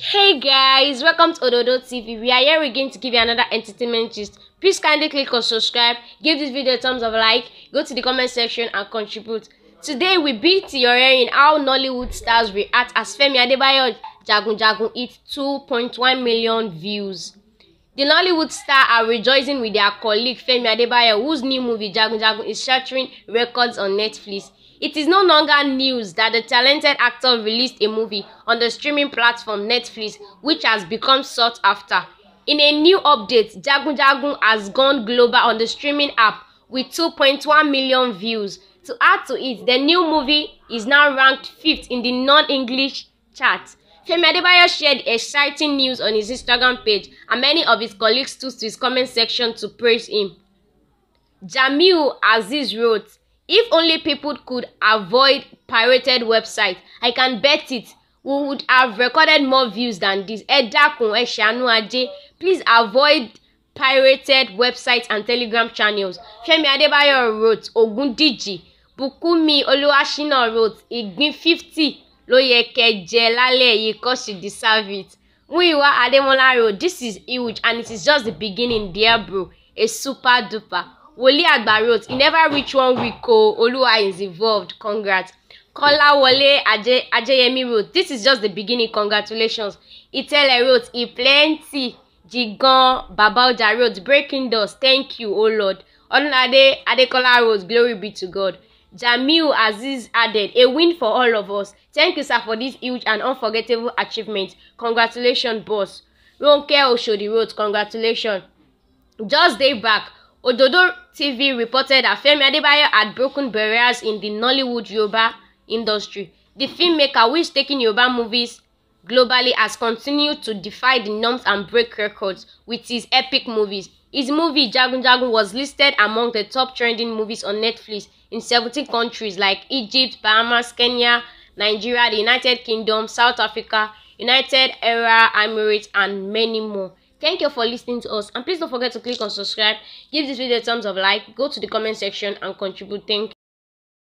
Hey guys, welcome to Ododo TV. We are here again to give you another entertainment gist. Please kindly click on subscribe, give this video a thumbs up like, go to the comment section and contribute. Today we beat your ear in how Nollywood stars react as Femi Adebayo Jagun Jagun hit 2.1 million views. The Nollywood star are rejoicing with their colleague Femi Adebayo whose new movie Jagun Jagun is shattering records on Netflix. It is no longer news that the talented actor released a movie on the streaming platform Netflix, which has become sought after. In a new update, Jagun Jagun has gone global on the streaming app with 2.1 million views. To add to it, the new movie is now ranked fifth in the non-English chart. Femi Adebayo shared exciting news on his Instagram page, and many of his colleagues took to his comment section to praise him. Jamil Aziz wrote, If only people could avoid pirated websites, I can bet it we would have recorded more views than this. Ẹ dákun ẹ ṣàánú Please avoid pirated websites and Telegram channels. Femi Adebayo wrote, Ogundiji, Bukumi Oluwashina wrote, Ìgbín 50 ló yẹ kẹ́ jẹ lálẹ́ yìí cause you deserve it. Muyiwa Ademola wrote, This is huge and it is just the beginning, dear bro. A super duper wòlíì àgbà wrote e never reach one week o oh, olúwa is involved congrats kọ́láwọlé ajẹ́yẹmí wrote this is just the beginning congratulations ìtẹ́lẹ̀ wrote e plenty jigan baba wrote breaking doors thank you o oh lord ọdúnládé adékọ́lá wrote glory be to god jamiu Aziz added a win for all of us thank you sir for this huge and unforgettable achievement congratulations boss ronke oshodi wrote congratulations just day back Ododo TV reported that Femi Adebayo had broken barriers in the Nollywood Yoruba industry. The filmmaker, which taking Yoruba movies globally, has continued to defy the norms and break records with his epic movies. His movie Jagun Jagun was listed among the top trending movies on Netflix in 17 countries like Egypt, Bahamas, Kenya, Nigeria, the United Kingdom, South Africa, United Arab Emirates, and many more. Thank you for listening to us and please don't forget to click on subscribe, give this video a thumbs of like, go to the comment section and contribute. Thank